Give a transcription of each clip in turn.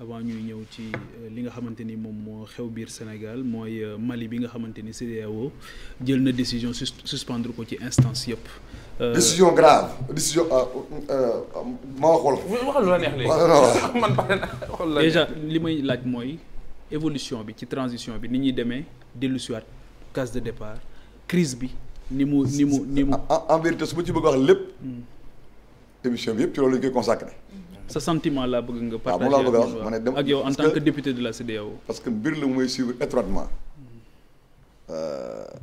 avant ñuy ñëw ci euh, li nga xamante ni moom moo xew biir Sénégal mooy euh, Mali bi nga xamante ni CEDEAO jël na décision suspendre ko ci instance yëpp. Euh, décision grave décision ma wax la déjà li may laaj mooy évolution bi ci transition bi ni ñuy demee dellusiwaat case de départ crise bi ni mu ni mu ni mu. en su ma ci bëgg wax lépp. Hmm. émission bi yëpp ci loolu lañ koy consacré. Hmm. sa sentiment laa bëgg nga. partager waaw moom laa bëgg a wax ak yow en tant que député de la CEDEAO. parce que mbir la mooy suivre étroitement hmm. euh,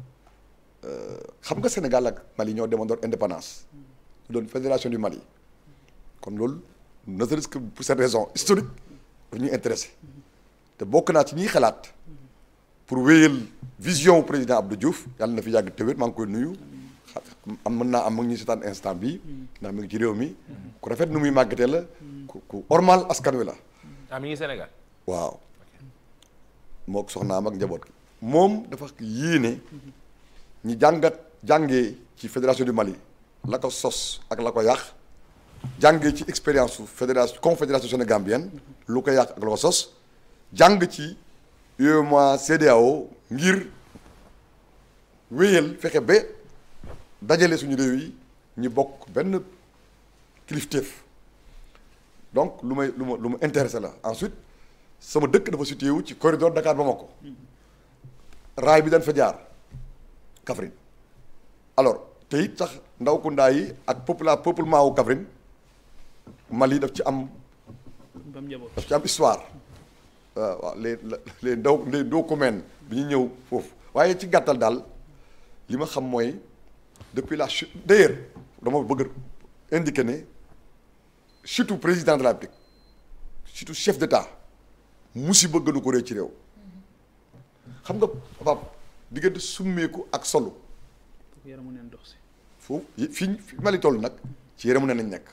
euh, xam nga Sénégal ak Mali ñoo demandoon indépendance ñu doon fédération du Mali kon loolu ne serait-ce que pour cette raison historique daf ñuy intéressé te bokk naa ci ñuy xalaat pour wéyal vision président Abdou Diouf yàlla na fi yàgg te wér maa ngi koy nuyu am mën naa am mu ñu seetaan instant bi hmm. ndax mi ci réew mi hmm. ku nu muy màggatee la ku ormal askan wi la. ah mi ngi Sénégal. waaw mook ak njaboot moom dafa yéene ñi jàngat jàngee ci fédération du Mali la ko sos ak la ko yàq jàngee ci expérience su fédération confédération sénégambienne lu ko yàq ak la ko sos jàng ci UEMOA CEDEAO ngir wéyal fexe ba dajale suñu réew yi ñu bokk benn kilifteef. donc lu may lu ma lu ma intéressé la ensuite sama dëkk dafa situé wu ci corridor Dakar Bamako raay bi dañ fa jaar alors tey it sax ndaw kundaa yi ak popula peuplement wu kafrin Mali daf ci am. daf ci am histoire. Euh, waaw les les ndaw les documents bi ñu ñëw foofu waaye ci gàttal daal li ma xam mooy depuis la chute d'ailleurs dama bëgg indiquer ne. surtout président de la République surtout chef d'État musiba gënu ko rëy ci réew xam nga papa diggante summeeku ak solo yaramu neen dox si foofu fi fi mali toll nag ci yaramu neen nañ nekk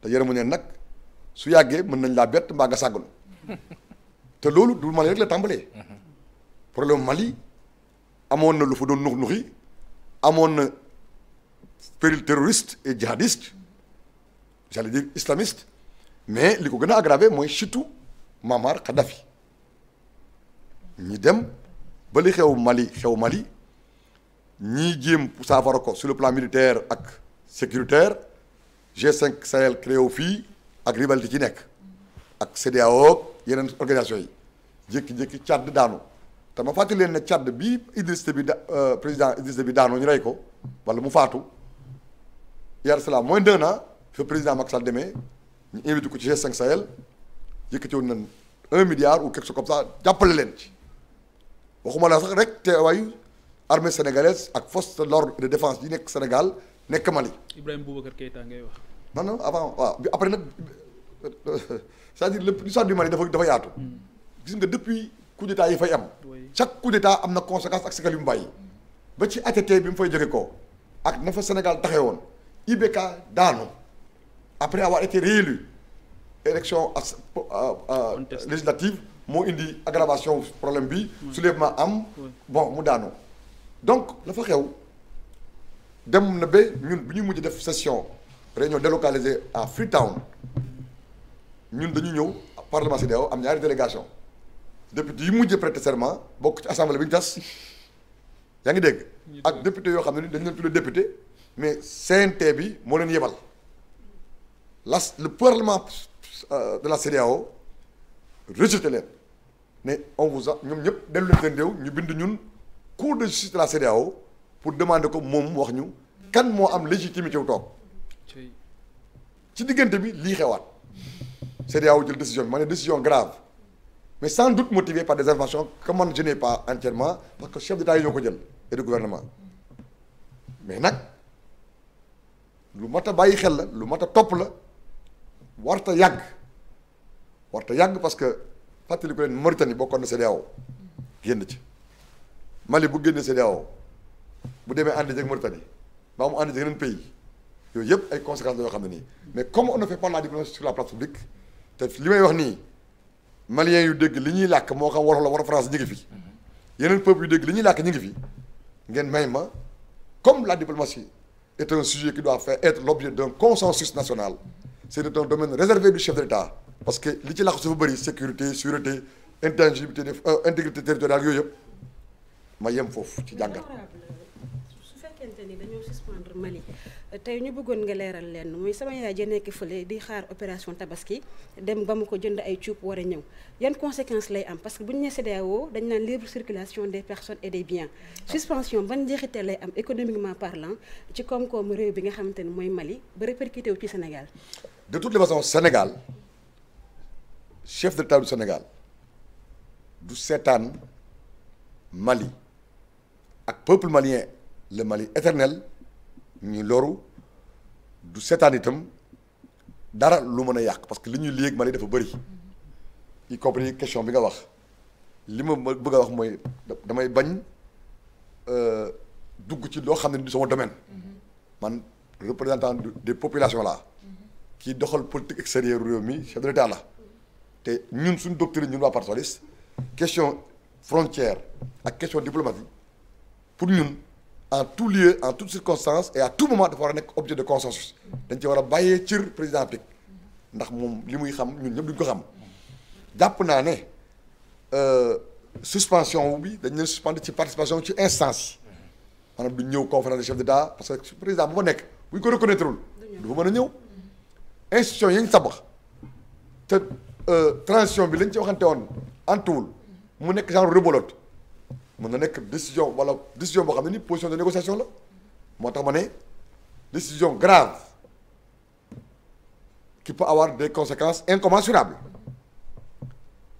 te yaramu neen nag su yàggee mën nañ laa bett mbaa nga sàggoon te loolu du Mali rek la tàmbalee problème Mali amoon na lu fa doon nux nuxi amoon na péril terroriste et djihadiste j'allais dire islamiste mais li ko gën a aggravé mooy surtout Muammar Kadhafi ñi dem ba xew Mali xew Mali ñii jéem saafara ko sur le plan militaire ak sécuritaire g cinq Sahel créé wu fii ak rivalité ci nekk ak CEDEAO ak yeneen organisation yi jékki-jékki Tchad daanu te ma fàttali leen ne Tchad bi Idriss Déby da euh, président Idriss bi daanu ñu rey ko wala mu faatu Yar Salam mooy deux ans fi président Macky Sall demee ñu invité ko ci G5 Sahel yëkkati woon nañ un milliard ou quelque chose comme ça jàppale leen ci waxuma la sax rek teewaayu armée sénégalaise ak force de de defence yi nekk Sénégal nekk Mali. Ibrahima Boubacar Keïta ngay wax. non non avant waaw bi après nag c'est-à-dire l'histoire du Mali dafa yaatu. Mm. gis nga depuis coup d'état yi fay am. chaque coup d'état am na conséquence ak séquelles yu mu bàyyi. ba ci ATT bi mu fay jóge ko ak na Sénégal taxee woon IBK daanu. après avoir été réélu élection as législative moo indi aggravation problème bi soulèvement am bon mu daanu donc la fa xew dem na ba ñun bi ñu mujj def session réunion délocalisée à Freetown ñun dañu ñëw parlement CEDEAO am ñaari délégation député yi mujjee prêter serment bokk ci assemblée bi ñu tas yaa ngi dégg ak député yoo xam ne ni dañu leen tuddee député mais CNT bi moo leen yebal la le parlement euh, de la CEDEAO rejeté leen ne on vous a ñoom ñëpp dellu leen seen réew ñu bind ñun cour de justice de la CEDEAO pour demander ko moom wax ñu kan moo am légitimité wu toog ci diggante bi lii xewaat CEDEAO jël décision bi ma ne décision grave mais sans doute motivée par des informations que man je n'ai pas entièrement parce que chef d'État yi ñoo ko jël et de gouvernement mais nag lu mat a bàyyi xel la lu mat a topp la warta yàgg warta yàgg parce que fàttali ko leen Mauritanie bokkoon na CEDEAO génn ci Mali bu génnee CEDEAO bu demee ànd ak Mauritanie mbaa mu ànd ak yeneen pays yooyu yëpp ay conséquences la yoo xam ne nii mais comme on ne fait pas la diplomatie sur la place publique te li may wax nii maliens yu dégg li ñuy làkk moo xam wolof la war a France ñu ngi fi yeneen peuple yu dégg li ñuy làkk ñu ngi fi ngeen may ma comme la diplomatie est un sujet qui doit faire être l'objet d'un c'est un domaine réservé du chef de l'État parce que li ci làqu su fa bëri sécurité sûreté intangibilité euh, intégrité territoriale yooyu yëpp ma yem foofu ci jàngat. su fekkente ni dañoo suspendre Mali tey ñu bëggoon nga leeral lenn muy sama yaay ja nekk fële di xaar opération tabaski dem ba mu ko jënd ay cuub war a ñëw yan conséquences lay am parce que buñ ñu nee CEDEAO dañ naan libre circulation des personnes et des biens. suspension ban njeexiteel lay am économiquement parlant ci koom-koomu réew bi nga xamante ni mooy Mali ba répercuté wu ci Sénégal. de toutes les façons Sénégal chef de l'État du Sénégal du seetaan Mali ak peuple malien le Mali éternel ñu loru du seetaan itam dara lu mën a yàq parce que li ñuy léegi Mali dafa bëri i compris question bi nga wax li ma bëgg a wax mooy damay bañ euh, dugg ci loo xam ne du sama domaine mm-hmm. man représentant de populations la ci doxal politique extérieure réew mi chef de l'État la te ñun suñu doctrine ñun waa parti socialiste question frontière ak question diplomatique pour ñun en tout lieu en toute circonstance et à tout moment dafa war a nekk objet de consensus dañ ci war a bàyyee cër président Afrique ndax moom li muy xam ñun ñëpp duñ ko xam jàpp naa ne euh, suspension bi dañ leen suspendre ci participation ci instance maanaam du ñëw conférence des chefs d'État parce que président bu ma nekk bu ko reconnaître wul du fa mën a ñëw institution yañ tabax te euh, transition bi lañ ci waxante woon antuwul mu nekk genre rebolote mun na nekk décision wala décision boo xam ne ni position de négociation la moo tax ma ne décision grave qui peut avoir des conséquences incommensurables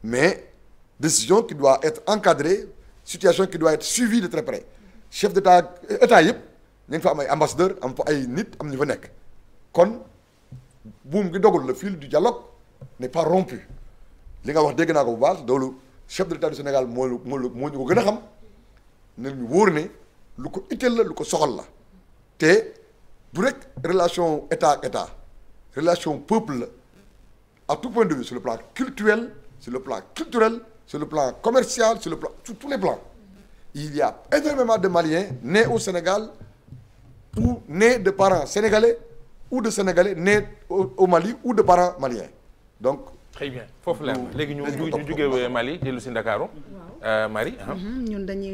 mais décision qui doit être encadrée situation qui doit être suivie de très près chef d'état état yëpp ñu ngi fa am ay ambassadeur am fa ay nit am ñu fa nekk buum gi dogul le fil du dialogue n'est pas rompu li nga wax dégg naa ko bu baax loolu chef de l'État du Sénégal moo lu moo moo ñu ko gën a xam ne ñu wóor ne lu ko itteel la lu ko soxal la te bu rek relation état ak état relation peuple la à tout point de vue sur le plan culturel sur le plan culturel sur le plan commercial sur le plan sur tous les plans il y a énormément de Maliens nés au Sénégal ou nés de parents sénégalais ou de Sénégalais nés au Mali ou de parents maliens donc. très bien foofu la léegi ñu ñu jógee Mali dellu si Ndakaaru. Euh, Marie. Ah. Mhm, ñun dañuy.